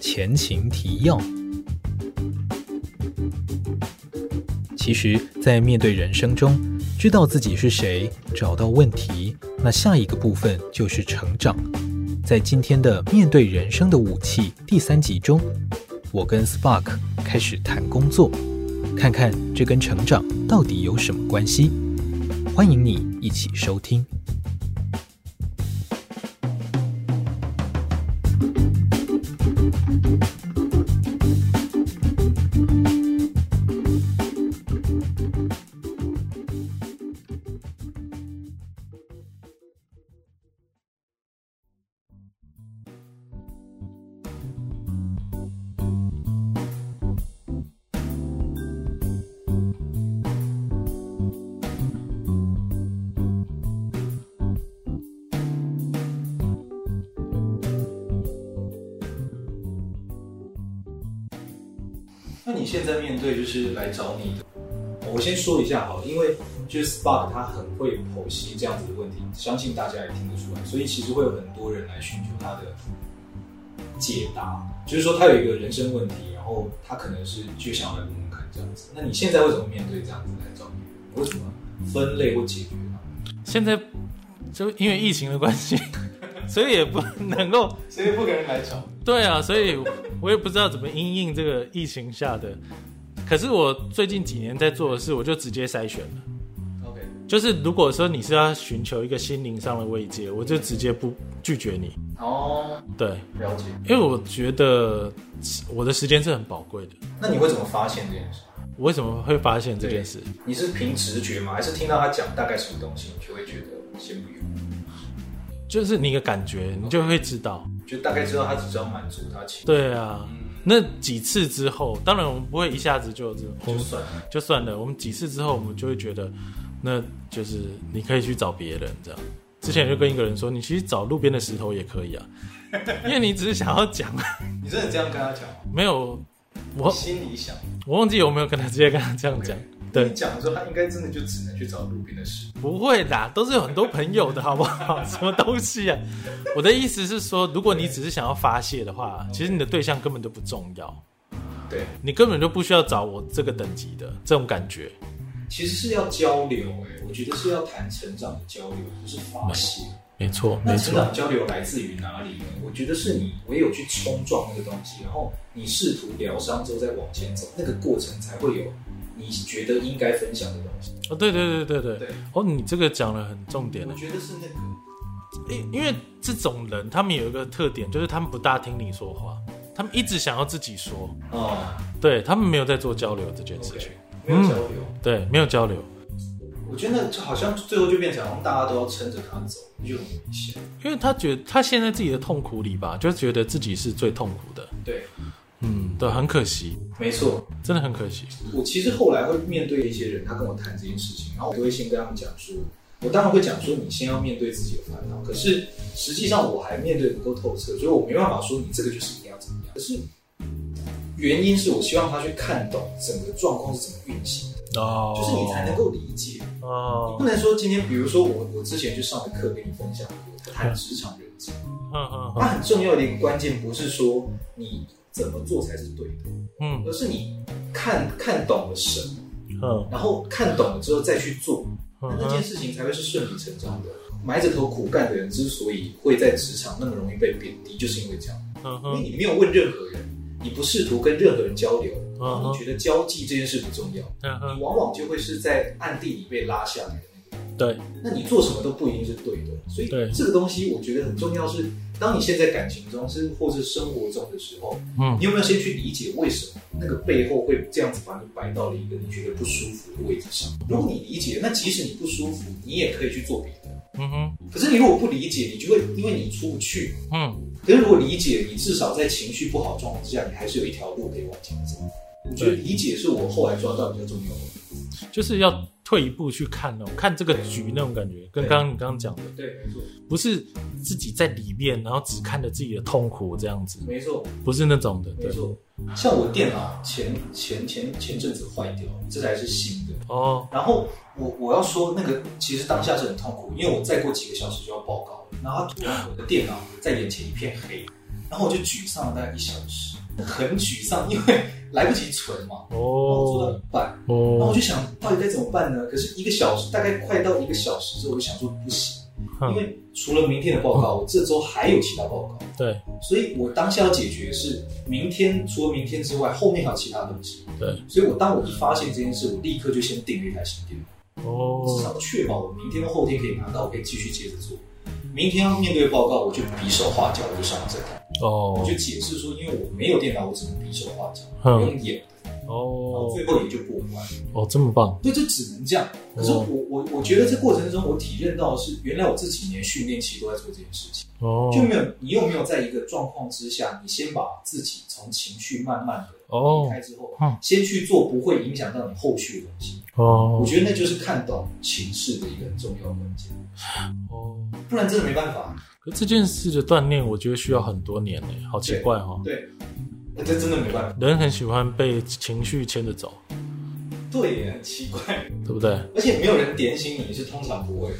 前情提要：其實，在面對人生中，知道自己是誰，找到問題，那下一個部分就是成長。在今天的《面對人生的武器》第三集中，我跟 Spark 開始談工作，看看這跟成長到底有什麼關係。歡迎你一起收聽。你現在面對就是來找你的，我先說一下哈，因為就是 Spark 他很會剖析這樣子的問題，相信大家也聽得出來，所以其實會有很多人來尋求他的解答，就是說他有一個人生問題，然後他可能是就想來跟我們看這樣子。那你現在為什麼面對這樣子來找你？為什麼分類或解決？現在就因為疫情的關係。所以也不能夠，所以不給人來找。對啊，所以我也不知道怎麼因應這個疫情下的。可是我最近幾年在做的事，我就直接篩選了。OK，就是如果說你是要尋求一個心靈上的慰藉，我就直接不拒絕你。哦，對，了解。因為我覺得我的時間是很寶貴的。那你為什麼發現這件事？我為什麼會發現這件事？你是憑直覺嗎？還是聽到他講大概什麼東西，你就會覺得先不？就是你的感覺，你就會知道，嗯、就大概知道他只是要滿足他情。對啊，嗯、那幾次之後，當然我們不會一下子就這就算了就算了。我們幾次之後，我們就會覺得，那就是你可以去找別人這樣。之前就跟一個人說，你其實找路邊的石頭也可以啊，因為你只是想要講。 你真的這樣跟他講？沒有，我心裡想。我忘記有沒有跟他直接跟他這樣講。Okay. 對你講的時候，他應該真的就只能去找路邊的事。不會啦，都是有很多朋友的，好不好？ 什麼東西啊？我的意思是說，如果你只是想要發洩的話，對其實你的對象根本都不重要。對，你根本就不需要找我這個等級的這種感覺。其實是要交流、欸，哎，我覺得是要談成長的交流，不是發洩。沒錯，沒錯。那成長交流來自於哪裡呢？我覺得是你唯有去衝撞那個東西，然後你試圖療傷之後再往前走，那個過程才會有。你覺得應該分享的東西哦，對對對對對，哦，你這個講得很重點，我覺得是那個，因、欸、因為這種人，他們有一個特點，就是他們不大聽你說話，他們一直想要自己說哦，嗯、對，他們沒有在做交流這件事情，okay, 沒有交流，嗯，對，沒有交流。我覺得好像最後就變成好像大家都要撐着他走，就很危險，因為他覺得他現在自己的痛苦裡吧，就覺得自己是最痛苦的，對。嗯，對，很可惜。沒錯，真的很可惜。我其實後來會面對一些人，他跟我談這件事情，然後我就會先跟他們講說，我當然會講說你先要面對自己的煩惱，可是實際上我還面對不夠透徹，所以我沒辦法說你這個就是一定要怎麼樣。可是原因是我希望他去看懂整個狀況是怎麼運行的，哦，就是你才能夠理解哦。你不能說今天，比如說我我之前去上的課跟你分享過他談職場人際、嗯，嗯嗯，嗯很重要的一個、嗯、關鍵不是說你。怎麼做才是對的？嗯，而是你看看懂了什麼，嗯、然後看懂了之後再去做，嗯、那這件事情才會是順理成章的。嗯、埋着頭苦幹的人之所以會在職場那麼容易被貶低，就是因為這樣。嗯、因為你沒有問任何人，你不試圖跟任何人交流，嗯、你覺得交際這件事不重要，嗯、你往往就會是在暗地裡被拉下來的，那個。對，那你做什麼都不一定是對的。所以這個東西，我覺得很重要是。當你現在感情中是或是生活中的時候，你有沒有先去理解為什麼那個背後會這樣子把你擺到了一個你覺得不舒服的位置上？如果你理解，那即使你不舒服，你也可以去做別的。可是你如果不理解，你就會因為你出不去。嗯。可是如果理解，你至少在情緒不好狀況之下，你還是有一條路可以往前走。我覺得理解是我後來抓到比較重要的。就是要退一步去看哦、喔，看這個局那種感覺，跟剛剛你剛剛講的對，對，沒錯，不是自己在裡面，然後只看着自己的痛苦這樣子，沒錯錯，不是那種的，沒錯錯。對像我電腦前前前前陣子壞掉，這台是新的哦。然後我我要說那個，其實當下是很痛苦，因為我再過幾個小時就要報告了，然後突然我的電腦在眼前一片黑，然後我就沮喪了大概一小時。很沮喪，因為來不及存嘛。哦。Oh, 然後做到一半，哦。那我就想到底該怎麼辦呢？可是一個小時，大概快到一個小時之後，我就想說不行，Huh. 因為除了明天的報告，oh. 我這週還有其他報告。對。所以我當下要解決的是，明天除了明天之外，後面還有其他東西。對。所以我當我一發現這件事，我立刻就先訂了一台新電腦。哦。Oh. 至少確保我明天和後天可以拿到，我可以繼續接着做。明天要面對報告，我就比手畫腳，我就上這台。哦，我、oh. 就解釋說，因為我沒有電腦，我只能比手畫腳，用眼哼。哦，oh. 然後最後也就過關。哦，oh, 這麼棒。對，就只能這樣。Oh. 可是我我我覺得這過程中，我體驗到的是原來我這幾年訓練其實都在做這件事情。哦，oh. 就沒有你又沒有在一個狀況之下，你先把自己從情緒慢慢的離開之後，oh. 先去做不會影響到你後續的東西。哦，oh. 我覺得那就是看懂情緒的一個很重要的關鍵。哦，oh. 不然真的沒辦法。可這件事的鍛鍊，我覺得需要很多年呢、欸。好奇怪哈、哦。對、欸，這真的沒辦法。人很喜歡被情緒牽着走。對，也很奇怪，對不對？而且沒有人點醒你是通常不會，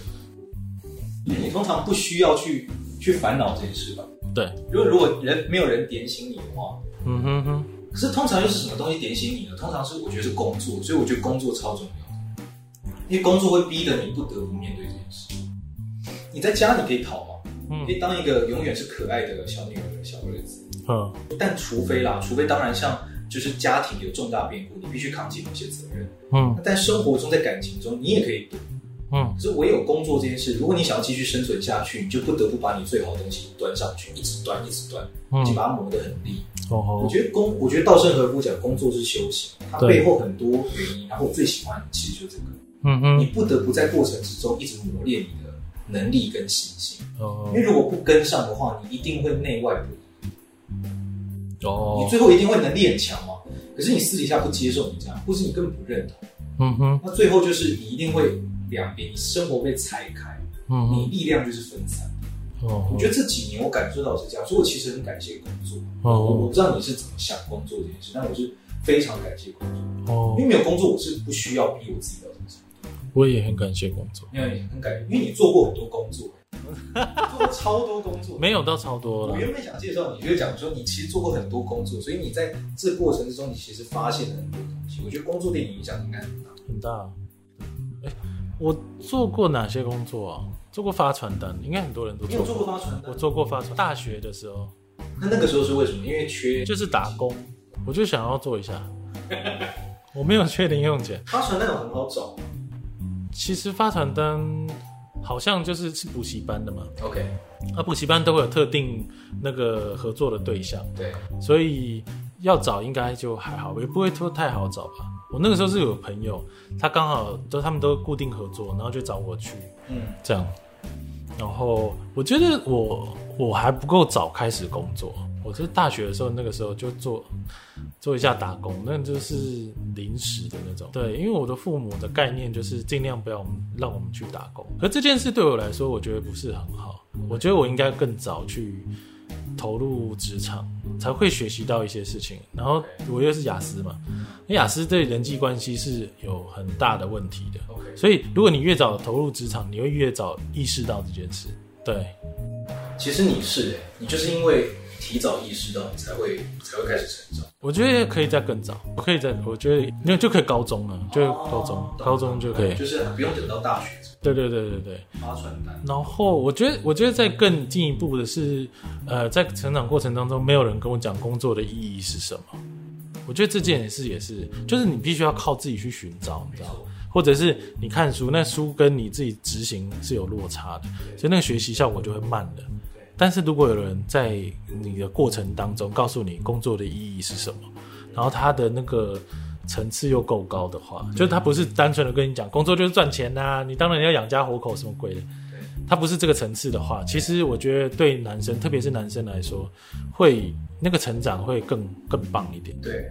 你通常不需要去去煩惱這件事吧？對，如，如果如果人沒有人點醒你的話，嗯哼哼。可是通常又是什麼東西點醒你呢？通常是我覺得是工作，所以我覺得工作超重要，因為工作會逼得你不得不面對這件事。你在家你可以逃。可以當一個永遠是可愛的小女兒、小兒子，呵但除非啦，除非當然像就是家庭有重大變故，你必須扛起某些責任，嗯。但生活中、在感情中，你也可以，嗯。所以唯有工作這件事，如果你想要繼續生存下去，你就不得不把你最好的東西端上去，一直端，一直端，一直端，嗯、就把它磨得很利。哦、哦，我覺得工，我覺得稻盛和夫講工作是修行，他背後很多原因。對然後我最喜歡其實就是這個，嗯、嗯，你不得不在過程之中一直磨練你的。能力跟信心哦，因為如果不跟上的話，你一定會內外不一哦。你最後一定會能力很強嘛，可是你私底下不接受你這樣，或是你根本不認同，嗯哼。那最後就是你一定會兩邊，你生活被拆開，嗯哼，你力量就是分散哦。嗯、哼我覺得這幾年我感受到是這樣，所以我其實很感謝工作哦。我、嗯、哼我不知道你是怎麼想工作這件事，但我是非常感謝工作哦，嗯、哼因為沒有工作我是不需要逼我自己的。我也很感謝工作，嗯、也很感謝，因為你做過很多工作，做了超多工作， 沒有到超多了。我原本想介紹你，就是講說你其實做過很多工作，所以你在這過程之中，你其實發現了很多東西。我覺得工作對你影響應該很大，很大，欸。我做過哪些工作啊？做過發傳單，應該很多人都做過。沒有做過發傳單。我做過發傳單，大學的時候。那那個時候是為什麼？因為缺，就是打工，我就想要做一下。 我沒有確定用錢。發傳單很好找。其實發傳單，好像就是是補習班的嘛。OK，啊，補習班都會有特定那個合作的對象，對，所以要找應該就還好，也不會說太好找吧。我那個時候是有朋友，他剛好都他們都固定合作，然後就找我去，嗯，這樣。然後我覺得我我還不夠早開始工作。我是大學的時候，那個時候就做做一下打工，那就是臨時的那種。對，因為我的父母的概念就是盡量不要讓我們去打工，可這件事對我來說，我覺得不是很好。我覺得我應該更早去投入職場，才會學習到一些事情。然後我又是雅思嘛，那、欸、雅思對人際關係是有很大的問題的。所以如果你越早投入職場，你會越早意識到這件事。對，其實你是、欸，你就是因為。提早意識到你才會才會開始成長，我覺得可以再更早，我可以再，我覺得因為就可以高中了，就高中，啊、高中就可以，欸、就是不用等到大學。對對對對對，發傳單。然後我覺得，我覺得再更進一步的是，對對對呃，在成長過程當中，沒有人跟我講工作的意義是什麼，我覺得這件事也是，就是你必須要靠自己去尋找，你知道嗎？錯或者是你看書，那書跟你自己執行是有落差的，對所以那個學習效果就會慢的。但是如果有人在你的過程當中告訴你工作的意義是什麼，然後他的那個層次又夠高的話，就是他不是單純的跟你講工作就是賺錢吶、啊，你當然你要養家活口什麼鬼的，他不是這個層次的話，其實我覺得對男生，特別是男生來說，會那個成長會更更棒一點。對，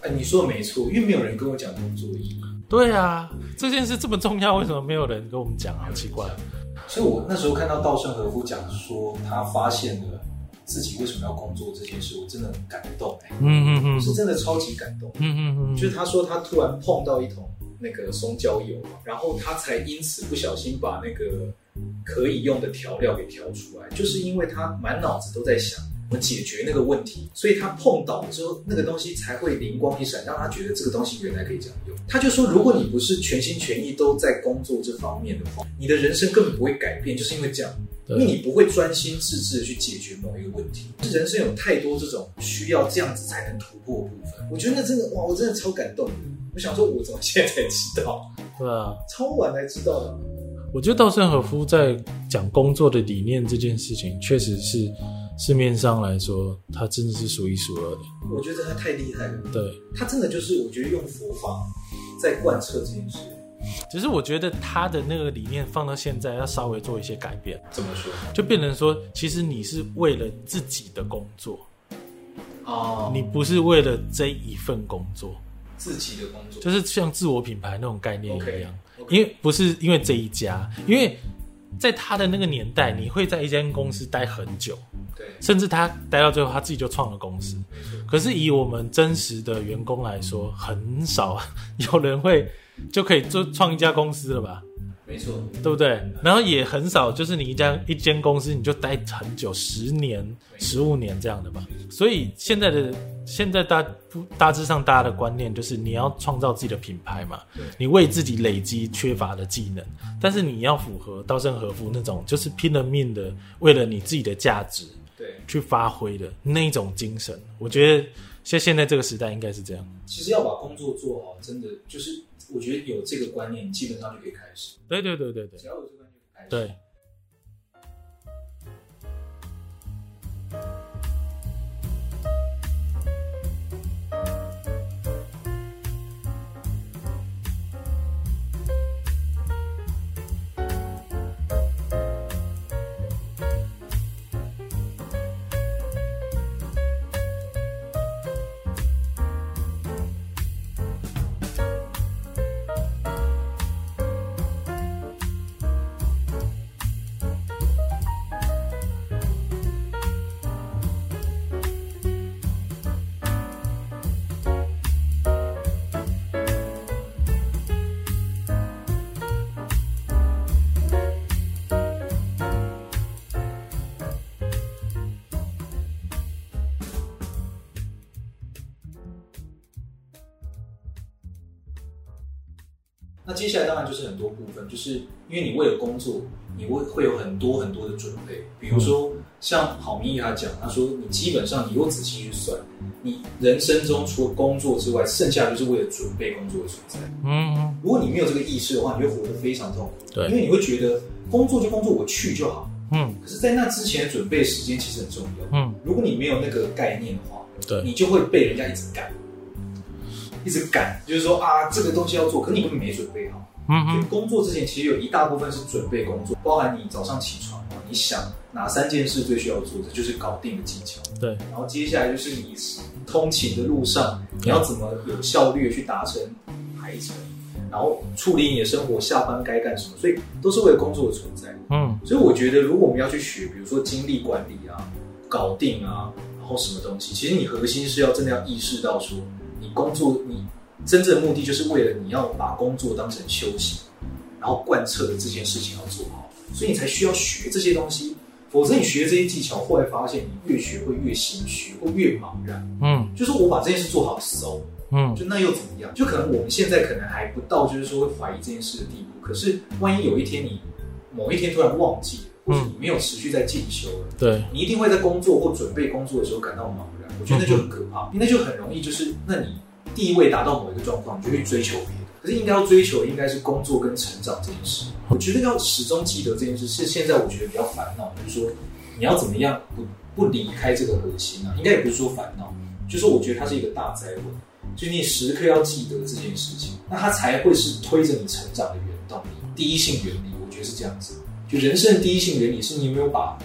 哎、啊，你說的沒錯，因為沒有人跟我講工作的意義。對啊，這件事這麼重要，為什麼沒有人跟我們講？好奇怪。所以，我那時候看到稻盛和夫講說，他發現了自己為什麼要工作這件事，我真的很感動嗯。嗯嗯嗯，是真的超級感動嗯。嗯嗯嗯，就是他說他突然碰到一桶那個松椒油，然後他才因此不小心把那個可以用的調料給調出來，就是因為他滿腦子都在想。我們解決那個問題？所以他碰到之後，那個東西才會靈光一閃，讓他覺得這個東西原來可以這樣用。他就說：“如果你不是全心全意都在工作這方面的話，你的人生根本不會改變，就是因為這樣，因為對你，你不會專心致志的去解決某一個問題。人生有太多這種需要這樣子才能突破部分。我覺得那真的哇，我真的超感動。我想說，我怎麼現在才知道？對啊，超晚才知道的。我覺得稻盛和夫在講工作的理念這件事情，確實是。市面上來說，他真的是數一數二的。我覺得他太厲害了。對他真的就是，我覺得用佛法在貫徹這件事。只是我覺得他的那個理念放到現在，要稍微做一些改變。怎麼說？就變成說，其實你是為了自己的工作，哦，oh, 你不是為了這一份工作，自己的工作，就是像自我品牌那種概念一樣。Okay, okay. 因為不是因為這一家，因為在他的那個年代，你會在一間公司待很久。甚至他待到最後，他自己就創了公司。錯可是以我們真實的員工來說，很少有人會就可以就創一家公司了吧？沒錯錯，對不對？然後也很少，就是你一家一間公司，你就待很久，十年、十五錯年這樣的吧。錯所以現在的現在大大致上大家的觀念就是，你要創造自己的品牌嘛，對你為自己累積缺乏的技能，但是你要符合稻盛和夫那種，就是拼了命的為了你自己的價值。對，去發揮的那種精神，對我覺得像現在這個時代，應該是這樣。其實要把工作做好，真的就是我覺得有這個觀念，基本上就可以開始。對對對對對，只要有這個觀念，就可以開始。對。對接下來當然就是很多部分，就是因為你為了工作，你會會有很多很多的準備。比如說像郝明義他講，他說你基本上你如果仔細去算，你人生中除了工作之外，剩下就是為了準備工作的存在。嗯，嗯，如果你沒有這個意識的話，你會活得非常痛苦。對，因為你會覺得工作就工作，我去就好。嗯，可是，在那之前的準備時間其實很重要。嗯，如果你沒有那個概念的話，對，你就會被人家一直趕。一直趕，就是說啊，這個東西要做，可是你根本沒準備好。嗯，嗯，工作之前其實有一大部分是準備工作，包含你早上起床，你想哪三件事最需要做的，就是搞定的技巧。對，然後接下來就是你通勤的路上，你要怎麼有效率去達成，排程，嗯，然後處理你的生活，下班該幹什麼，所以都是為了工作的存在。嗯，所以我覺得，如果我們要去學，比如說精力管理啊，搞定啊，然後什麼東西，其實你核心是要真的要意識到說，你工作，你真正的目的就是為了你要把工作當成修行，然後貫徹的這件事情要做好，所以你才需要學這些東西。否則你學這些技巧，後來發現你越學會越心虛，會越茫然。嗯，就是我把這件事做好熟，嗯，就那又怎麼樣？就可能我們現在可能還不到就是說會懷疑這件事的地步。可是萬一有一天你某一天突然忘記了，或者你沒有持續在進修了，對，嗯，你一定會在工作或準備工作的時候感到茫然。我覺得那就很可怕，因為那就很容易，就是那你地位達到某一個狀況，你就去追求別的。可是應該要追求，應該是工作跟成長這件事。我覺得要始終記得這件事，是現在我覺得比較煩惱，就是說你要怎麼樣不不離開這個核心呢？啊，應該也不是說煩惱，就是我覺得它是一個大哉問，所以你時刻要記得這件事情，那它才會是推着你成長的原動力，第一性原理。我覺得是這樣子，就人生的第一性原理是你有沒有把。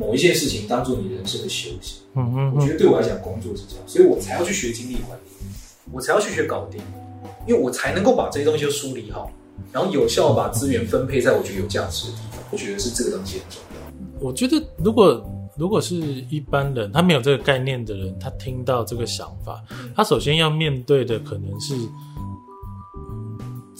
某一件事情當做你人生的修行，嗯哼，我覺得對我來講，工作是這樣，所以我才要去學精力管理，我才要去學搞定，因為我才能夠把這些東西都梳理好，然後有效把資源分配在我覺得有價值的地方。我覺得是這個東西很重要。我覺得如果如果是一般人，他沒有這個概念的人，他聽到這個想法，他首先要面對的可能是。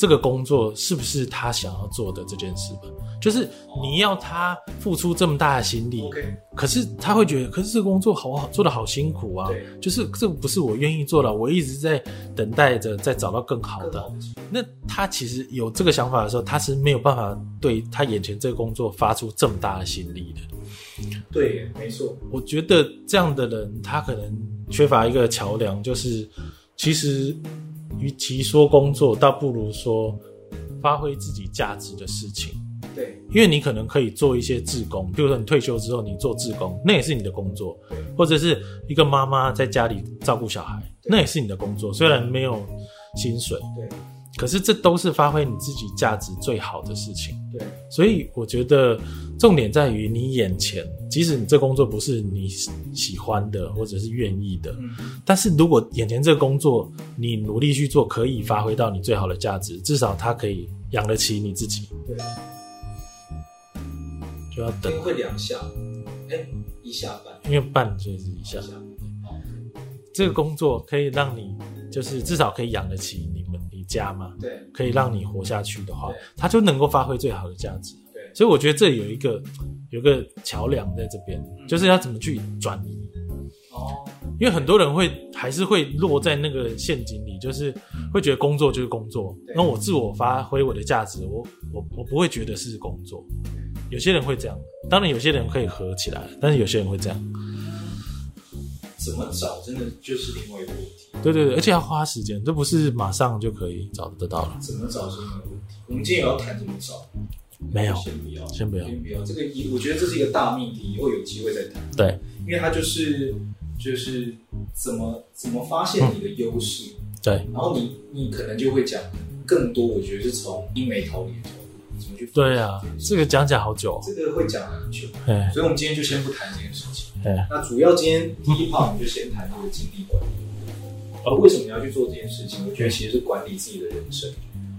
這個工作是不是他想要做的這件事，就是你要他付出這麼大的心力，Okay. 可是他會覺得，可是這個工作好好做得好辛苦啊，oh, 對就是這不是我願意做的，我一直在等待着再找到更好的。好的，那他其實有這個想法的時候，他是沒有辦法對他眼前這個工作發出這麼大的心力的。對，沒錯。我覺得這樣的人，他可能缺乏一個橋樑，就是其實。與其說工作，倒不如說發揮自己價值的事情。對，因為你可能可以做一些志工，比如說你退休之後你做志工，那也是你的工作。對或者是一個媽媽在家裡照顧小孩，對那也是你的工作，雖然沒有薪水。對。對可是這都是發揮你自己價值最好的事情。對，所以我覺得重點在於你眼前，即使你這工作不是你喜歡的或者是願意的，但是如果眼前這個工作你努力去做，可以發揮到你最好的價值，至少它可以養得起你自己。對，就要等會兩下，哎，一下半，因為半就是一下。這個工作可以讓你，就是至少可以養得起你們。家嘛，對，可以讓你活下去的話，對它就能夠發揮最好的價值。對，所以我覺得這裡有一個，有個橋樑在這邊，就是要怎麼去轉移。哦、嗯，因為很多人會還是會落在那個陷阱裡，就是會覺得工作就是工作。那對我自我發揮我的價值，我我我不會覺得是工作。有些人會這樣，當然有些人可以合起來，但是有些人會這樣。怎麼找真的就是另外一個問題。對對對，而且要花時間，這不是馬上就可以找得到了。怎麼找是另一個問題，我們今天也要談怎麼找。沒有，先不要，先不要，先不要。這個一，我覺得這是一個大命題，以後有機會再談。對，因為他就是就是怎麼怎麼發現你的優勢。嗯、對，然後你你可能就會講更多，我覺得是從英美。頭裡頭怎麼去。對啊，這，些這個講講好久，這個會講很久。對嘿，所以我們今天就先不談這件事情。對，Yeah. 那主要今天第一 part，我們就先談這個精力管理。而、oh. 為什麼你要去做這件事情？我覺得其實是管理自己的人生，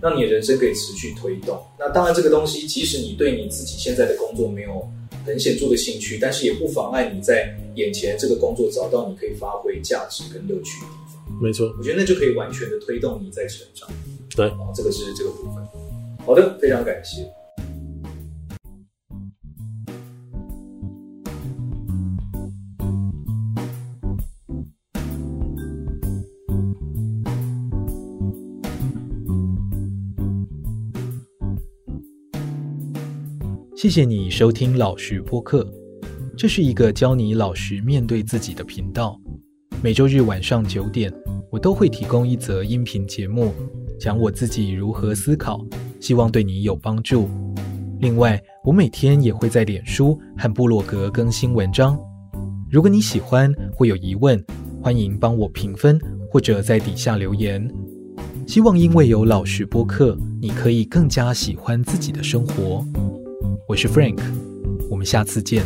讓你的人生可以持續推動。那當然，這個東西即使你對你自己現在的工作沒有很顯著的興趣，但是也不妨礙你在眼前這個工作找到你可以發揮價值跟樂趣的地方。沒錯錯，我覺得那就可以完全的推動你在成長。對，然後，這個是這個部分。好的，非常感謝。謝謝你收聽老實播客，這是一個教你老實面對自己的頻道。每周日晚上九點，我都會提供一則音頻節目，講我自己如何思考，希望對你有幫助。另外，我每天也會在臉書和部落格更新文章。如果你喜歡，或有疑問，歡迎幫我評分或者在底下留言。希望因為有老實播客，你可以更加喜歡自己的生活。我是 Frank，我們下次見。